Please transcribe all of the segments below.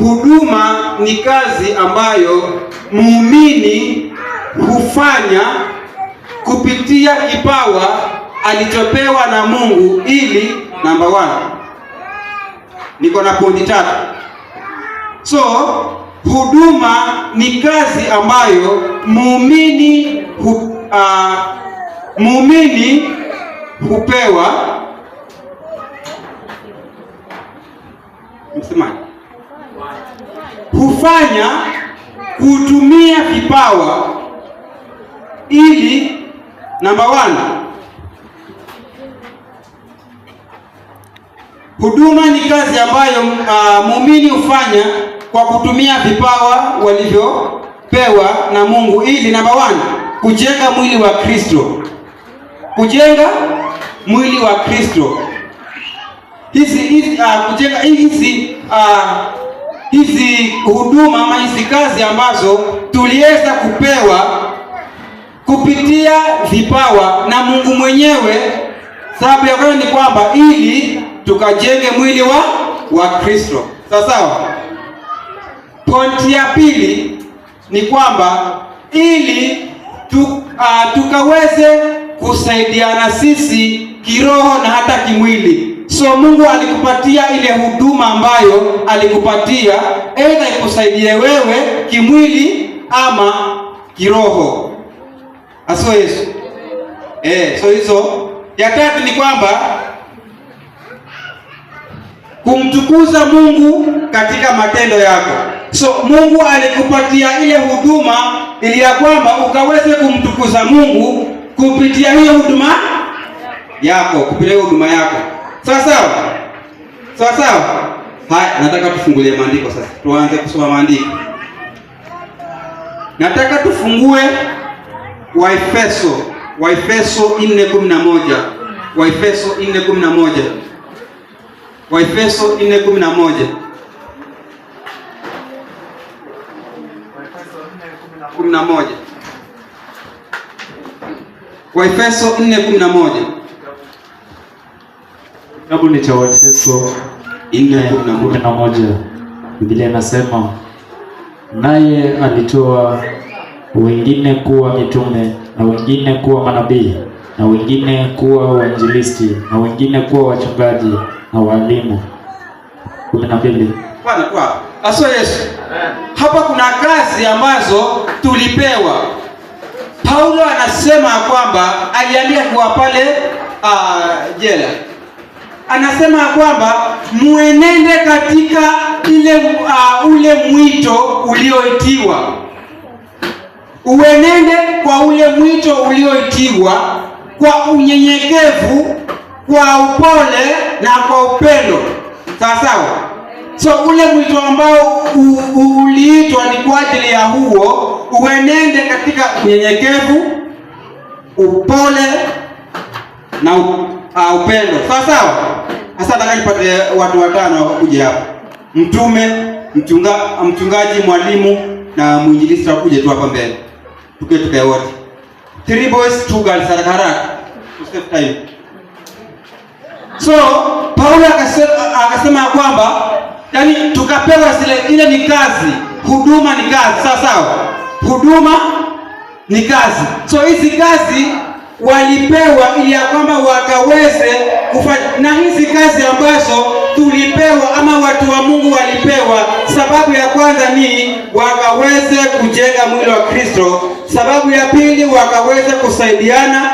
huduma ni kazi ambayo muumini hufanya kupitia kipawa alichopewa na Mungu ili namba one, niko na pointi tatu. So huduma ni kazi ambayo muumini hu, uh, muumini hupewa msemaji hufanya kutumia vipawa ili namba one, huduma ni kazi ambayo uh, muumini hufanya kwa kutumia vipawa walivyopewa na Mungu ili namba one, kujenga mwili wa Kristo, kujenga mwili wa Kristo hizi hizi uh, kujenga hizi uh, hizi huduma ama hizi kazi ambazo tuliweza kupewa kupitia vipawa na Mungu mwenyewe. Sababu ya ni kwamba ili tukajenge mwili wa wa Kristo, sawa sawa. Pointi ya pili ni kwamba ili tu, uh, tukaweze kusaidiana sisi kiroho na hata kimwili So Mungu alikupatia ile huduma ambayo alikupatia, aidha ikusaidie wewe kimwili ama kiroho. Aso Yesu eh, so hizo. Ya tatu ni kwamba kumtukuza Mungu katika matendo yako. So Mungu alikupatia ile huduma ili ya kwamba ukaweze kumtukuza Mungu kupitia hiyo huduma yako, kupitia huduma yako Sawa sawa? Sawa sawa? Haya, nataka tufungulie maandiko sasa. Tuanze kusoma maandiko. Nataka tufungue Waefeso, Waefeso 4:11. Waefeso 4:11. Waefeso 4:11. Waefeso 4:11. Kitabu ni cha Waefeso nne na kumi na moja. Biblia inasema naye alitoa wengine kuwa mitume na wengine kuwa manabii na wengine kuwa wainjilisti na wengine kuwa wachungaji na walimu. kumi na mbili. Aso Yesu, hapa kuna kazi ambazo tulipewa. Paulo anasema kwamba aliambiwa kuwa pale uh, jela anasema kwamba muenende katika ile uh, ule mwito ulioitiwa, uenende kwa ule mwito ulioitiwa kwa unyenyekevu, kwa upole na kwa upendo, sawa sawa. So ule mwito ambao uliitwa ni kwa ajili ya huo, uenende katika unyenyekevu, upole na upendo. Ah, upendo. Sawa sawa. Sasa nataka nipate watu watano kuja hapa. Mtume, mchunga, mchungaji, mwalimu na mwinjilisti wakuje tu hapa mbele. Tukae tukae wote. Three boys, two girls haraka haraka. Usifike time. So, Paulo akasema akasema kwamba yani tukapewa zile ile ni kazi, huduma ni kazi, sawa sawa. Huduma ni kazi. So hizi kazi walipewa ili ya kwamba wakaweze kufanya na hizi kazi ambazo tulipewa ama watu wa Mungu walipewa. Sababu ya kwanza ni wakaweze kujenga mwili wa Kristo. Sababu ya pili wakaweze kusaidiana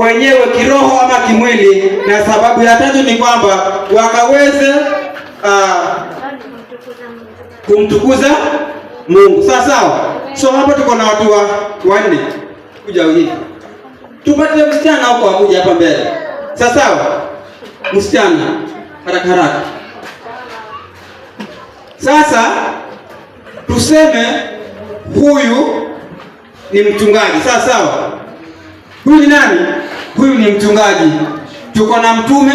wenyewe kiroho ama kimwili, na sababu ya tatu ni kwamba wakaweze uh, kumtukuza Mungu. Sawa sawa, so hapo tuko na watu wa wanne kuja hivi Tupate msichana huko akuja hapa mbele. Sawa sawa? Msichana haraka haraka. Sasa tuseme huyu ni mchungaji. Sawa sawa? Huyu ni nani? Huyu ni mchungaji. Tuko na mtume,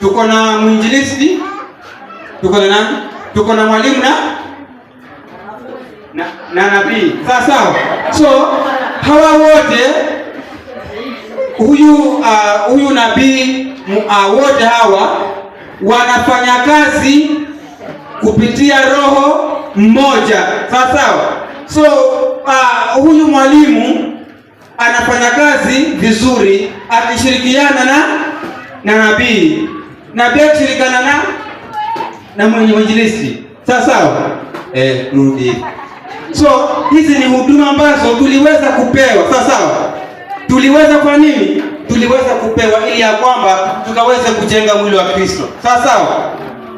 tuko na mwinjilisti, tuko na nani? Tuko na mwalimu na na, na nabii. Sawa sawa? So hawa wote huyu uh, nabii uh, wote hawa wanafanya kazi kupitia roho mmoja, sawa sawa. So uh, huyu mwalimu anafanya kazi vizuri akishirikiana na na nabii, nabii akishirikiana na na mwenye mwinjilisti, sawa sawa. Eh, rudi. So hizi ni huduma ambazo tuliweza kupewa, sawa sawa tuliweza kwa nini? Tuliweza kupewa ili ya kwamba tukaweze kujenga mwili wa Kristo, sawa sawa.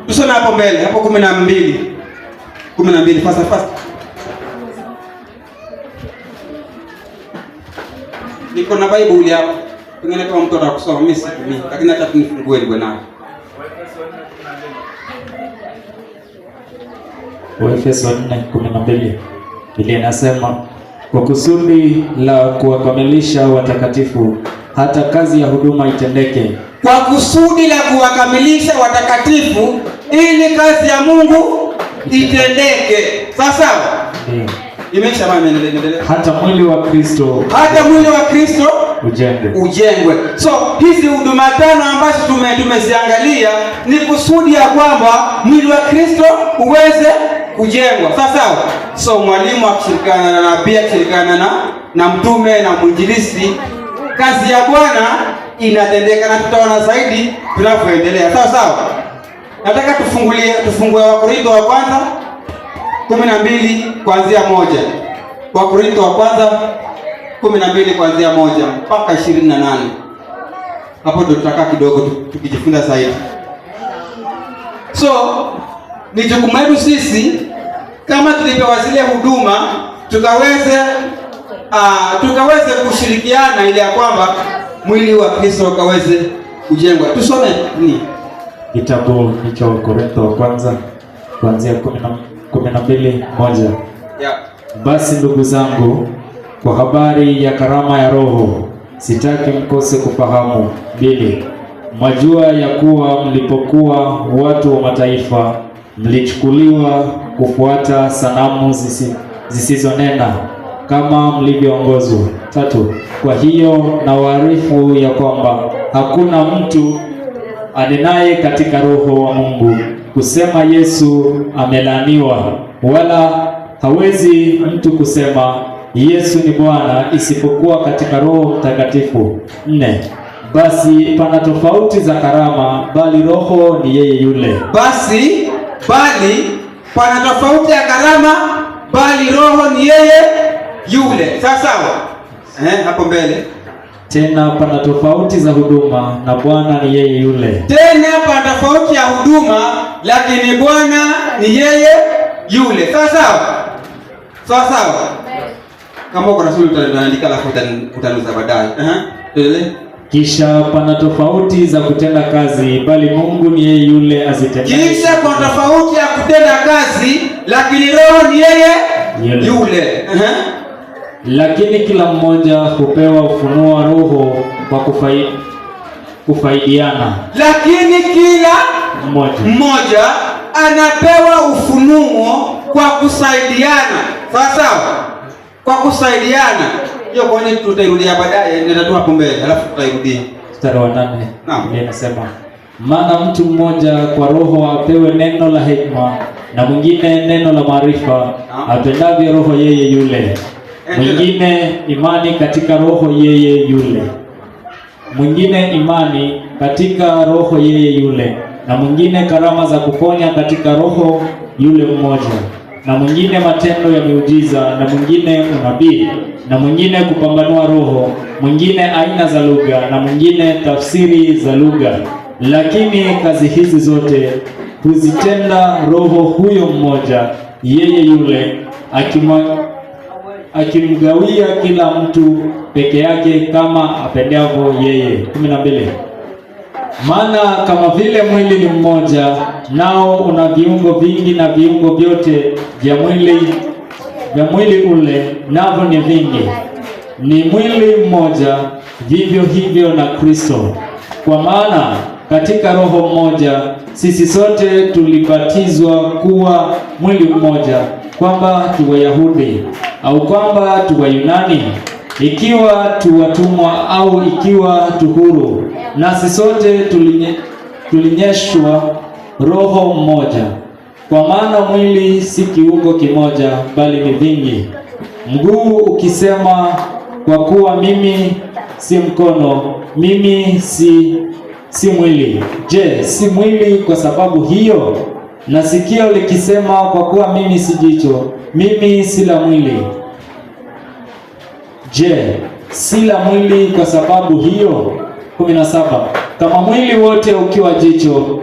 Tusome hapo mbele hapo kumi na mbili kumi na mbili fasa fasa, niko na Bible hapo, pengine kama mtu atakusoma, mimi situmii, lakini acha tunifungue ndio nao Waefeso 4:12 ile inasema kwa kusudi la kuwakamilisha watakatifu hata kazi ya huduma itendeke, kwa kusudi la kuwakamilisha watakatifu ili kazi ya Mungu itendeke. Sasa yeah. Hmm. Imesha endelea, hata mwili wa Kristo, hata mwili wa Kristo ujengwe, ujengwe. So hizi huduma tano ambazo tume tumeziangalia ni kusudi ya kwamba mwili wa Kristo uweze kujengwa sasa. So mwalimu akishirikana na nabii akishirikiana na, na mtume na mwinjilisi, kazi ya Bwana inatendeka na tutaona zaidi tunavyoendelea. Sawa sawa, nataka tufungulie, tufungue Wakorintho wa kwanza kumi na mbili kuanzia moja. Wakorintho wa kwanza kumi na mbili kuanzia moja mpaka ishirini na nane hapo ndo tutakaa kidogo tukijifunza zaidi so ni jukumu letu sisi kama tulipewa zile huduma tukaweze uh, tukaweze kushirikiana ili ya kwamba mwili wa Kristo ukaweze kujengwa. Tusome ni kitabu hicho Korintho wa kwanza kuanzia kumi na mbili moja. Yeah. Basi ndugu zangu, kwa habari ya karama ya Roho sitaki mkose kufahamu. Mbili, mwajua ya kuwa mlipokuwa watu wa mataifa mlichukuliwa kufuata sanamu zisizonena kama mlivyoongozwa. Tatu, kwa hiyo na waarifu ya kwamba hakuna mtu anenaye katika Roho wa Mungu kusema Yesu amelaaniwa, wala hawezi mtu kusema Yesu ni Bwana isipokuwa katika Roho Mtakatifu. Nne, basi pana tofauti za karama, bali Roho ni yeye yule. Basi bali pana tofauti ya gharama, bali Roho ni yeye yule. Sawa sawa, eh, hapo mbele tena pana tofauti za huduma na Bwana ni yeye yule. Tena pana tofauti ya huduma, lakini Bwana ni yeye yule. Sawa sawa, sawa sawa. Kama uko na swali utaandika, alafu utanuza baadaye. Tuendelee. Kisha pana tofauti za kutenda kazi, bali Mungu ni yeye yule azitendaye. Kisha kuna tofauti ya kutenda kazi, lakini Roho ni yeye yule, yule. Uh -huh. Lakini kila mmoja hupewa ufunuo wa Roho kwa kufai, kufaidiana. Lakini kila mmoja, mmoja anapewa ufunuo kwa kusaidiana, sawa sawa, kwa kusaidiana hiyo kwa nini tutairudia baadaye, ndio hapo mbele, alafu tutairudia mstari wa nane. Naam, ndio nasema maana mtu mmoja kwa roho apewe neno la hekima na mwingine neno la maarifa apendavyo roho yeye yule, mwingine imani katika roho yeye yule, mwingine imani katika roho yeye yule, na mwingine karama za kuponya katika roho yule mmoja, na mwingine matendo ya miujiza, na mwingine unabii na mwingine kupambanua roho, mwingine aina za lugha, na mwingine tafsiri za lugha. Lakini kazi hizi zote huzitenda Roho huyo mmoja, yeye yule, akimwa akimgawia kila mtu peke yake kama apendavyo yeye. kumi na mbili. Maana kama vile mwili ni mmoja, nao una viungo vingi, na viungo vyote vya mwili vya mwili ule navyo ni vingi, ni mwili mmoja, vivyo hivyo na Kristo. Kwa maana katika roho mmoja sisi sote tulibatizwa kuwa mwili mmoja, kwamba tu Wayahudi au kwamba tu Wayunani, ikiwa tu watumwa au ikiwa tu huru, nasi sote tulinye, tulinyeshwa roho mmoja kwa maana mwili si kiungo kimoja, bali ni vingi. Mguu ukisema kwa kuwa mimi si mkono, mimi si si mwili, je, si mwili kwa sababu hiyo? Na sikio likisema kwa kuwa mimi si jicho, mimi si la mwili, je, si la mwili kwa sababu hiyo? 17 Kama mwili wote ukiwa jicho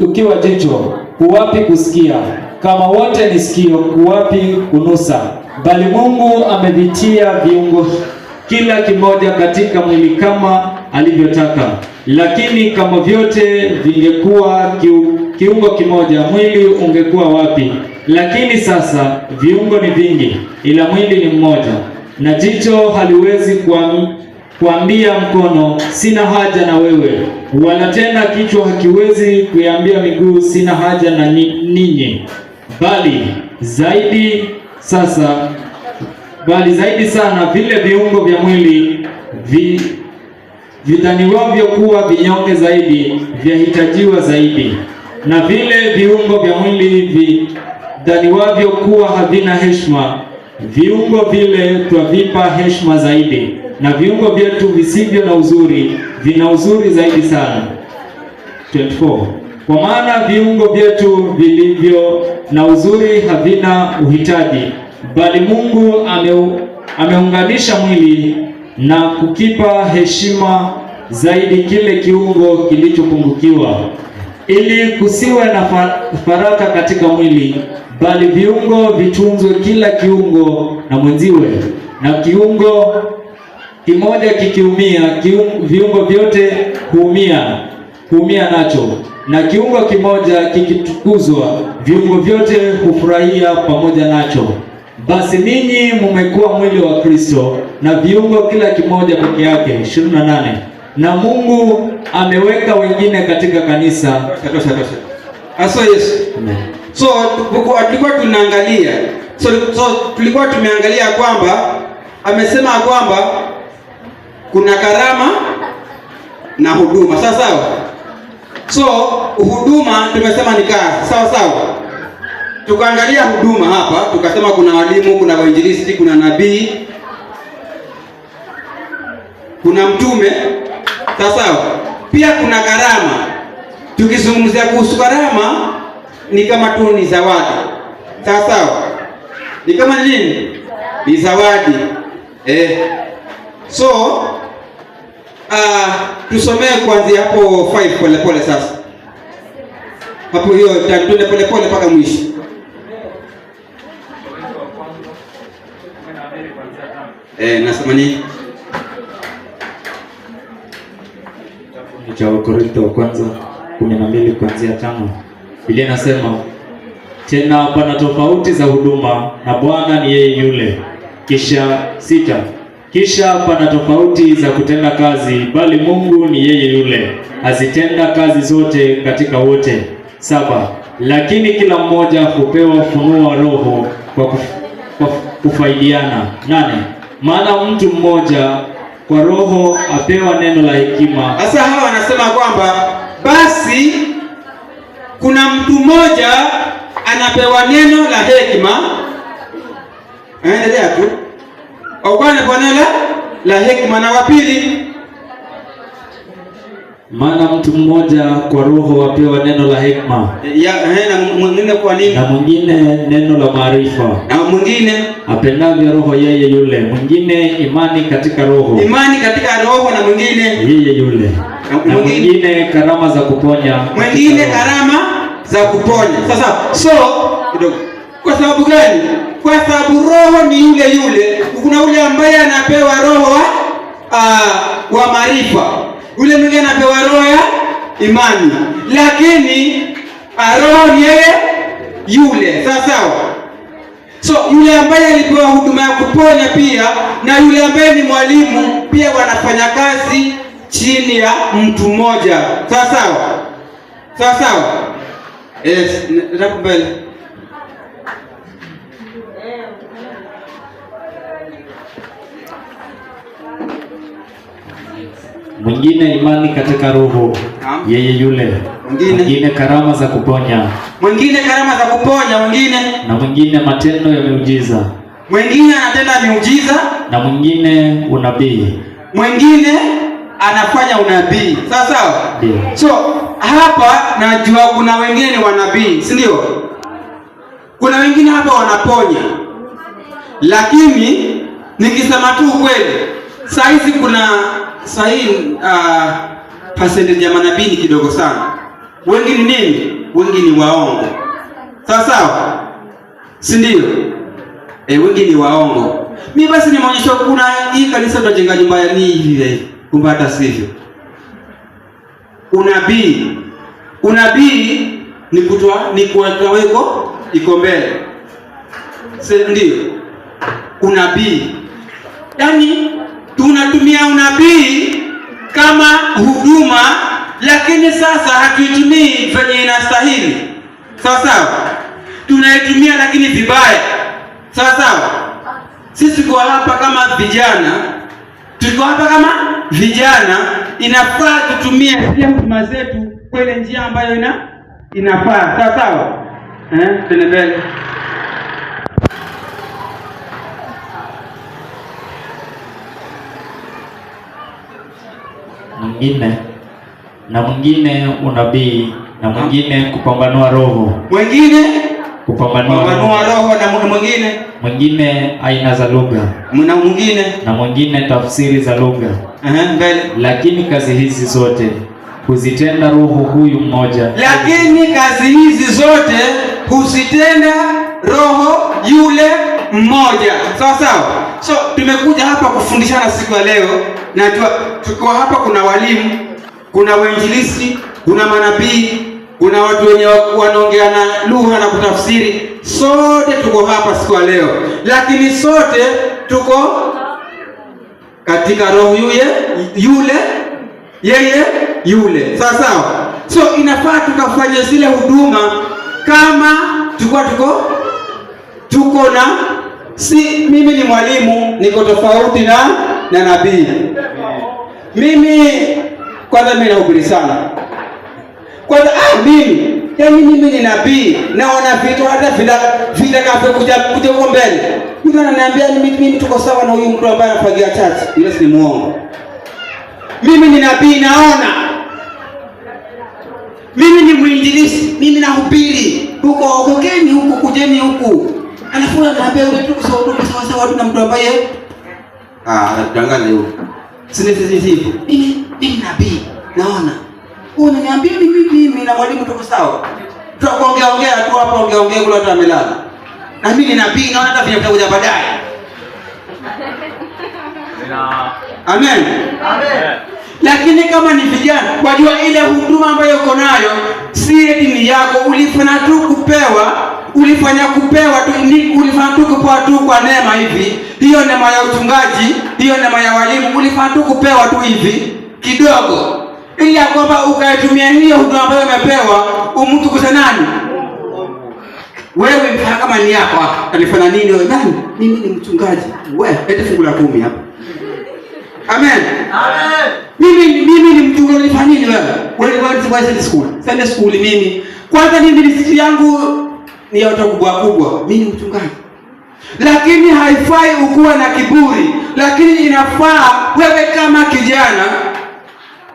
ukiwa jicho kuwapi kusikia? Kama wote ni sikio, kuwapi kunusa? Bali Mungu amevitia viungo kila kimoja katika mwili kama alivyotaka. Lakini kama vyote vingekuwa kiungo kimoja, mwili ungekuwa wapi? Lakini sasa viungo ni vingi, ila mwili ni mmoja, na jicho haliwezi kuam kuambia mkono sina haja na wewe, wala tena kichwa hakiwezi kuiambia miguu sina haja na ninyi, bali zaidi sasa, bali zaidi sana vile viungo vya mwili vi vidhaniwavyo kuwa vinyonge zaidi vyahitajiwa zaidi, na vile viungo vya mwili vidhaniwavyo kuwa havina heshima, viungo vile twavipa heshima zaidi na viungo vyetu visivyo na uzuri vina uzuri zaidi sana. 24 kwa maana viungo vyetu vilivyo na uzuri havina uhitaji, bali Mungu ame, ameunganisha mwili na kukipa heshima zaidi kile kiungo kilichopungukiwa, ili kusiwe na faraka katika mwili, bali viungo vitunzwe, kila kiungo na mwenziwe, na kiungo kimoja kikiumia viungo vyote huumia huumia nacho, na kiungo kimoja kikitukuzwa viungo vyote hufurahia pamoja nacho. Basi ninyi mumekuwa mwili wa Kristo na viungo kila kimoja peke yake. 28 na Mungu ameweka wengine katika kanisa. Tosha, tosha. Aso Yesu. So tulikuwa tunaangalia so, so tulikuwa tumeangalia kwamba amesema kwamba kuna karama na huduma, sawa sawa. So huduma tumesema ni kazi, sawa sawa. Tukaangalia huduma hapa, tukasema kuna walimu, kuna wainjilisti, kuna nabii, kuna mtume, sawa sawa. Pia kuna karama. Tukizungumzia kuhusu karama, ni kama tu ni zawadi, sawa sawa, ni kama nini, ni zawadi eh. So uh, tusomee kuanzia hapo 5 polepole sasa, hapo hiyo pole pole mpaka mwisho. Eh, nasema ni cha Wakorintho wa kwanza 12 kuanzia tano. Biblia inasema tena, pana tofauti za huduma na Bwana ni yeye yule. Kisha sita kisha pana tofauti za kutenda kazi, bali Mungu ni yeye yule, azitenda kazi zote katika wote. saba. Lakini kila mmoja hupewa ufunuo wa Roho kwa kufaidiana. nane. Maana mtu mmoja kwa Roho apewa neno la hekima. Sasa hawa wanasema kwamba basi kuna mtu mmoja anapewa neno la hekima, aendelea tu kwa nela la hekima. Na wapili, maana mtu mmoja kwa roho wapewa neno la hekima, Ya, eh, na mwingine kwa nini, na mwingine neno la maarifa, na mwingine apendavyo roho yeye yule, mwingine imani katika roho, imani katika roho, na mwingine yeye yule, na mwingine karama za kuponya, mwingine karama za kuponya. Sasa so kidogo kwa sababu gani? Kwa sababu roho ni yule yule. Kuna yule ambaye anapewa roho wa aa, ah, wa maarifa, yule mwingine anapewa roho ya imani, lakini ah, roho ni yeye yule, sawa sawa. So yule ambaye alipewa huduma ya kuponya pia na yule ambaye ni mwalimu pia wanafanya kazi chini ya mtu mmoja, sawa sawa, sawa sawa. Yes, mbele mwingine imani katika roho, yeye yule mwingine, mwingine karama za kuponya, mwingine karama za kuponya, mwingine na mwingine matendo ya miujiza, mwingine anatenda miujiza, na mwingine unabii, mwingine anafanya unabii. Sawa sawa, yeah. So hapa najua kuna wengine ni wanabii, si ndio? Kuna wengine hapa wanaponya, lakini nikisema tu ukweli, saa hizi kuna sahii hii uh, ah, percentage ya manabii ni kidogo sana. Wengi ni nini? Wengi ni waongo, sawa sawa, si ndio? E, wengi ni waongo. Mi basi nimeonyesha kuna hii kanisa tunajenga nyumba ya nini hivi, eh? kumbe hata sivyo. Unabii, unabii ni kutoa ni kuweka weko iko mbele, si ndio? Unabii yaani tunatumia unabii kama huduma, lakini sasa hatuitumii venye inastahili, sawa sawa. Tunaitumia lakini vibaya, sawa sawa. Sisi tuko hapa kama vijana, tuko hapa kama vijana, inafaa tutumie pia huduma zetu kwa ile njia ambayo ina inafaa, sawa sawa, eh, tena mbele mwingine na mwingine unabii na mwingine kupambanua roho, mwingine kupambanua roho, na mwingine mwingine aina za lugha, na mwingine na mwingine tafsiri za lugha. Mbele lakini kazi hizi zote kuzitenda roho huyu mmoja, lakini kazi hizi zote huzitenda roho yule mmoja. Sawa sawa. So tumekuja hapa kufundishana siku ya leo na tuko hapa, kuna walimu, kuna wainjilisti, kuna manabii, kuna watu wenye wanaongea na lugha na kutafsiri. Sote tuko hapa siku ya leo, lakini sote tuko katika roho yule yule yeye yule, sawa sawa. So inafaa tukafanye zile huduma kama tuko tuko tuko na si, mimi ni mwalimu, niko tofauti na na nabii. Mimi kwanza, mimi nahubiri sana kwanza. Ah, mimi yaani mimi ni nabii, naona vitu hata vitakavyokuja kuja kuja huko mbele. Mtu ananiambia mimi mimi tuko sawa na huyu mtu ambaye anafagia chachi, yule si muongo. Mimi ni nabii, naona mimi ni mwinjilisi, mimi nahubiri huko, okokeni huko kujeni huko, alafu ananiambia wewe tuko sawa sawa, tuna mtu ambaye ah, danganya huyo sinisizizivu mimi mimi nabii naona unaniambia mimi mimi na mwalimu tuko sawa, tutakuongea ongea tu hapa, ongea ongea kule, watu wamelala, na mimi ni nabii naona hata vile vitakuja baadaye. Amen. Amen. Lakini kama ni vijana, wajua ile huduma ambayo uko nayo si eti ni yako, ulifuna tu kupewa ulifanya kupewa tu, ulifanya tu kupewa tu kwa neema hivi. Hiyo neema ya uchungaji, hiyo neema ya walimu, ulifanya tu kupewa tu hivi kidogo, ili ya kwamba ukaitumia hiyo huduma ambayo umepewa umtukuse nani? Wewe mfanya kama ni yako, alifanya nini wewe? Nani? Mimi ni mchungaji. Wewe eti fungu la kumi hapa. Amen. Amen. Mimi mimi ni mchungaji, nilifanya nini wewe? Wewe ni wazi wazi school. Sunday school mimi. Kwanza mimi ni siku yangu ni ya kubwa kubwa, mimi ni mchungaji. Lakini haifai ukuwa na kiburi, lakini inafaa wewe kama kijana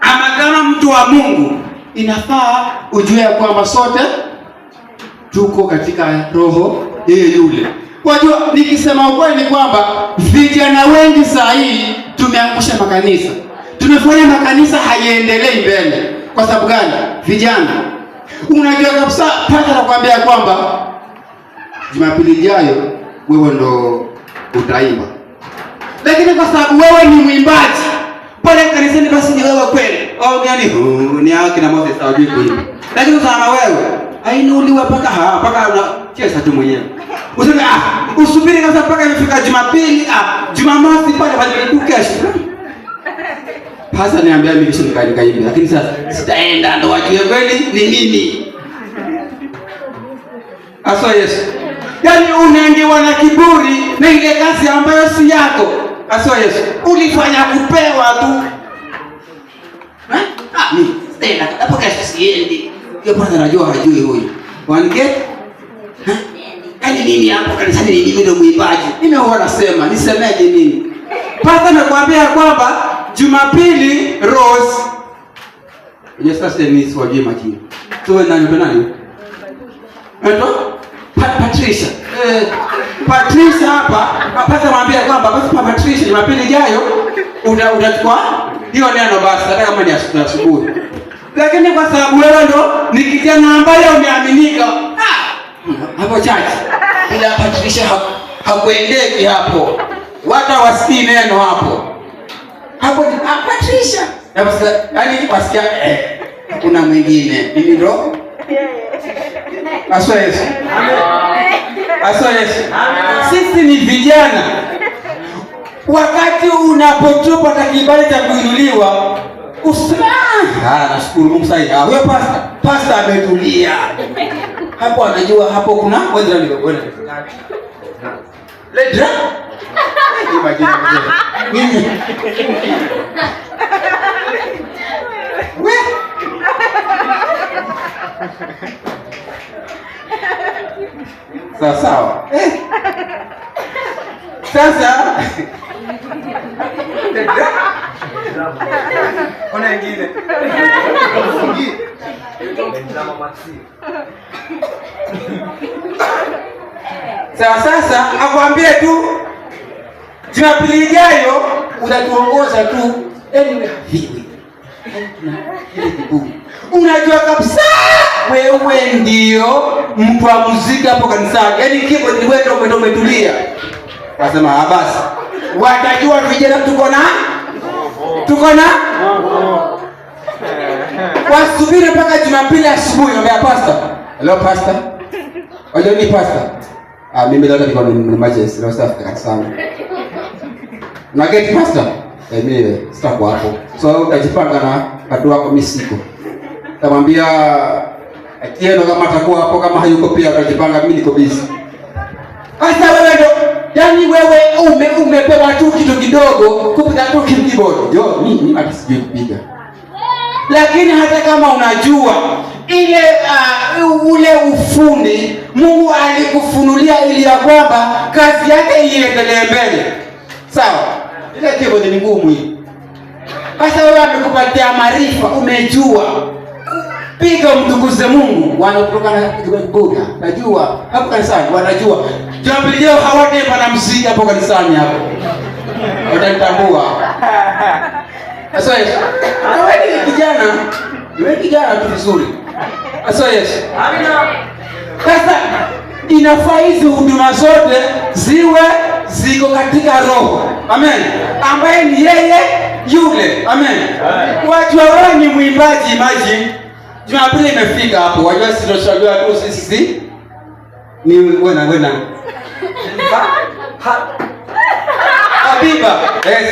ama kama mtu wa Mungu, inafaa ujue ya kwamba sote tuko katika roho yeye yule. Kwa hiyo nikisema ukweli ni kwamba vijana wengi saa hii tumeangusha makanisa, tumefanya makanisa haiendelei mbele. Kwa sababu gani? Vijana Unajua kabisa paka anakuambia kwamba Jumapili ijayo wewe ndo utaimba, lakini kwa sababu wewe ni mwimbaji pale kanisani, basi ni wewe kweli au oh, gani? Ni hao na Moses sababu kuimba, lakini sana wewe ainuliwa paka ha paka una chesa tu mwenyewe usema ah, usubiri kabisa paka imefika Jumapili ah, Jumamosi pale pale kesho Pasa niambia mimi kesho nikaimba, lakini sasa sitaenda, ndo wajue kweli ni nini hasa Yesu. yani unaingiwa na kiburi na ile kazi ambayo si yako, hasa Yesu ulifanya kupewa tu eh? Ah, mimi sitaenda hapo, kesho siendi. Hiyo bwana anajua, hajui huyu wanike yaani mimi hapo kanisani ni mimi ndo mwimbaji, mimi huwa nasema nisemeje? Nini pasa nakwambia kwamba Jumapili Rose yenye sase ni siwajui majina. Tuwe nani ndo nani? Ndo Patricia. Eh, Patricia hapa napata mwambia kwamba basi pa Patricia Jumapili ijayo una unachukua hiyo neno basi hata kama ni asubuhi. Lakini kwa sababu wewe ndo ni kijana ambaye umeaminika. Ah, hapo chachi. Bila Patricia hakuendeki hapo. Wata wasikii neno hapo hapo ah, Patricia. na basi yaani wasikia eh, kuna mwingine mimi ndo aswa Yesu Amen. aswa Yesu. Amen. Sisi ni vijana, wakati unapotupa takibali cha kuinuliwa Ah, nashukuru Mungu sasa. Ah, Huyo pasta pasta ametulia hapo, anajua hapo kuna majina mimi we sawa sawa eh. Sasa kuna ingine sawa. Sasa akwambie tu Jumapili ijayo utatuongoza tu, yaani hivi unajua kabisa wewe ndio mtu wa muziki hapo kanisani, yaani kibodi ni wewe ndio umetulia. Wasema ah, basi watajua vijana tuko na tuko na wasubiri mpaka Jumapili asubuhi. Ambia pasta, hello pasta, wajoni pasta, ah, mimi leo niko na majesty leo safi sana na get pastor mimi sitako hapo, so utajipanga na kadu wako. Mimi siko kamwambia Atieno kama atakuwa hapo, kama hayuko pia utajipanga mimi niko busy. Sasa wewe ndo yani wewe ume umepewa tu kitu kidogo kupiga tu kitu kidogo, yo mimi hata sijui kupiga, lakini hata kama unajua ile uh, ule ufundi Mungu alikufunulia ili ya kwamba kazi yake iendelee mbele, sawa ile keyboard ni ngumu hii. Sasa wewe amekupatia maarifa, umejua piga, mtukuze Mungu. Wanakutoka na kutoka, najua hapo kanisani wanajua jambo leo, hawatemba na mziki hapo kanisani, hapo watatambua. Sasa Yesu, wewe ni kijana, wewe kijana tu vizuri. Sasa Yesu, amina. Sasa inafaa hizi huduma zote ziwe ziko katika roho Amen. Ambaye ni yeye yule. Amen. Watu wewe ni mwimbaji, imagine. Jumapili imefika hapo. Wajua sisi tunashajua tu sisi ni wena wena. Ha, Habiba. Yes.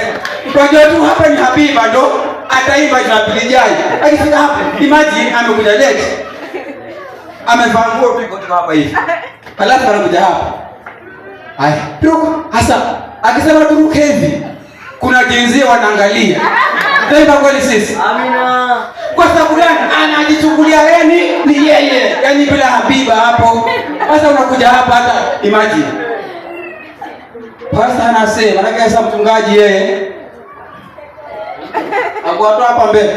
Tunajua tu hapa ni Habiba ndo ataimba Jumapili ijayo. Akifika hapo, imagine amekuja late. Amevaa nguo tu hapa hivi. Halafu anakuja hapa. Hai. tuko hasa akisema turuke hivi, kuna jinsia wanaangalia Pemba kweli sisi. Amina. Kwa sababu gani? Anajichukulia yeye ni ni yeye. Yaani bila Habiba hapo. Sasa unakuja hapa hata imagine. Pastor anasema, na kaisa mchungaji yeye. Akwatoa hapa mbele.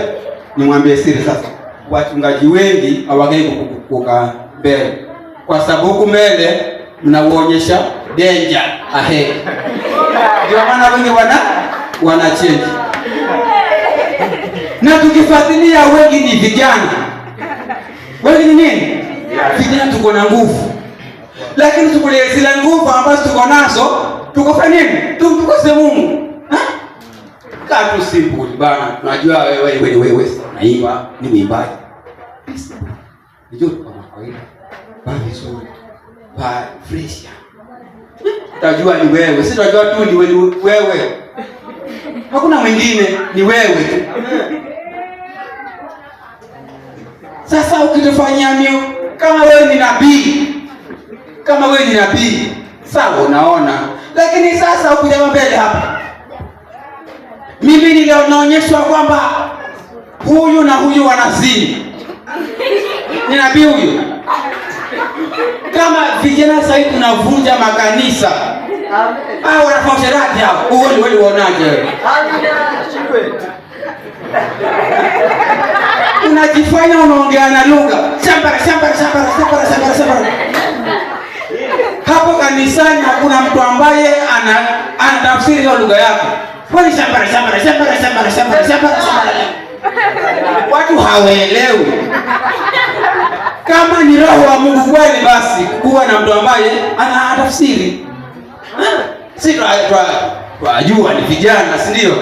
Nimwambie siri sasa. Wachungaji wengi hawagei kukukuka mbele. Kwa sababu huku mbele mnaonyesha danger ahead. Ndio maana wengi wana wanacheki. Na tukifuatilia wengi ni vijana. Wengi ni nini? Vijana tuko na nguvu. Lakini tukulie zile nguvu ambazo tuko nazo, tukofanya nini? Tumtukose Mungu. Ha? Kaa tu simple bana. Tunajua wewe wewe wewe unaimba, ni mwimbaji. Ndio kwa kawaida. Bana vizuri. pa fresh tajua ni wewe, si tajua tu ni wewe, hakuna mwingine, ni wewe. Sasa ukitufanyia mio, kama wewe ni nabii, kama wewe ni nabii sawa, unaona. Lakini sasa ukuja mbele hapa, mimi nilionaonyeshwa kwamba huyu na huyu wanazini, ni nabii huyu kama vijana sasa hivi tunavunja makanisa. Amen. Ah, wanafanya radi hapo. uone wewe uonaje wewe? Unajifanya unaongea na lugha. Shambara shambara shambara shambara shambara shambara. Hapo kanisani hakuna mtu ambaye ana anatafsiri hiyo lugha yako. Kwani shambara shambara shambara shambara shambara shambara. Watu hawaelewi kama ni roho wa Mungu kweli, basi kuwa na mtu ambaye ana tafsiri, si twajua ni vijana, si ndio?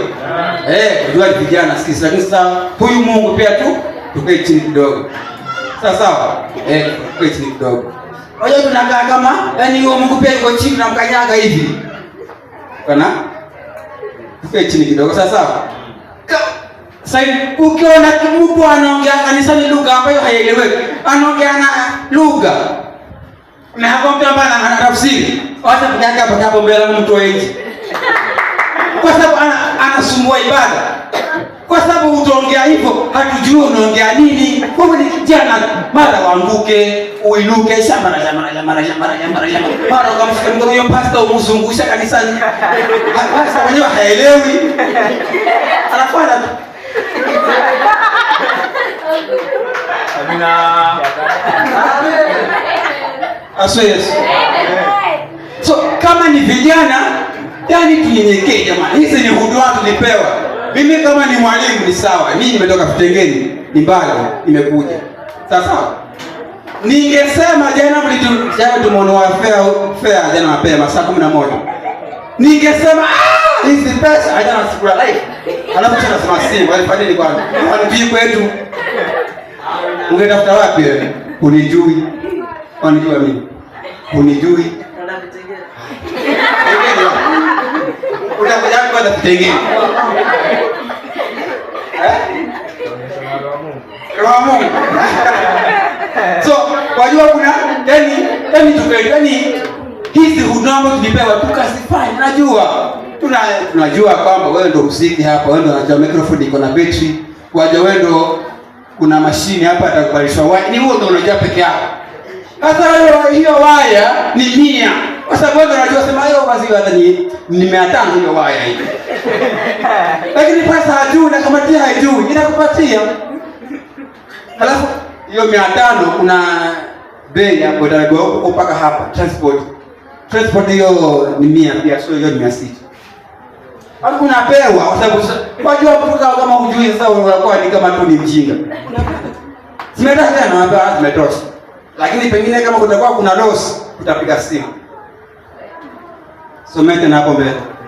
Eh, kujua ni vijana sikisi, sasa huyu Mungu pia tu tukae chini kidogo, sawa sawa, eh, tukae chini kidogo. Unajua tunakaa kama yani huyo Mungu pia yuko chini mkanyaga hivi, kana tukae chini kidogo, sawa sawa. Sasa ukiona kibubu anaongea kanisani lugha ambayo haieleweki, anaongea na lugha na hapo mtu ambaye ana tafsiri, hata kujaka hapo hapo mbele ya mtu wengi, kwa sababu anasumbua ibada, kwa sababu utaongea hivyo, hatujui unaongea nini. Wewe ni kijana, mara waanguke uinuke, shamba na shamba na shamba na shamba na shamba na shamba, mara ukamfika mgongo hiyo pasta umzungusha kanisani, hapo sasa wenyewe haelewi, alafu Amina. So kama ni vijana, yani tunyenyekee jamani. Hizi ni huduma tulipewa. Mimi kama ni mwalimu ni sawa. Mimi nimetoka Vitengeni, ni mbali, nimekuja. Sasa ningesema jana mlitu jana tumeona fair fair jana mapema saa 11. Ningesema ah! hizi pesa hajana sikula life. Alafu tena nasema simu alifanya nini kwanza? Wanipii kwetu. Ungetafuta wapi wewe? Unijui. Wanijua mimi. Unijui. Utakuja kwanza kitengeni. Eh? Roho Mungu. So, wajua kuna yani yani tukaelewa hizi huduma tulipewa tukasifai najua tuna tunajua kwamba wewe ndio msingi hapa, wewe ndio unajua microphone iko na battery, kwaje wewe ndio kuna mashine hapa atakubalishwa waya, ni wewe ndio unajua peke yako. Sasa hiyo hiyo waya ni mia, kwa sababu wewe unajua sema hiyo basi hata ni nimeatana hiyo waya hii. lakini pesa hajui na kamati hajui inakupatia, alafu hiyo mia tano kuna bei hapo mpaka hapa transport transport hiyo ni mia pia, so hiyo ni mia sita Alafu yaani unapewa kwa sababu wajua kutoka kama hujui sasa unakuwa ni kama tu ni mjinga. Zimetosha na hapa zimetosha. Ah, Lakini pengine kama kutakuwa kuna loss utapiga simu. Someta na hapo mbele.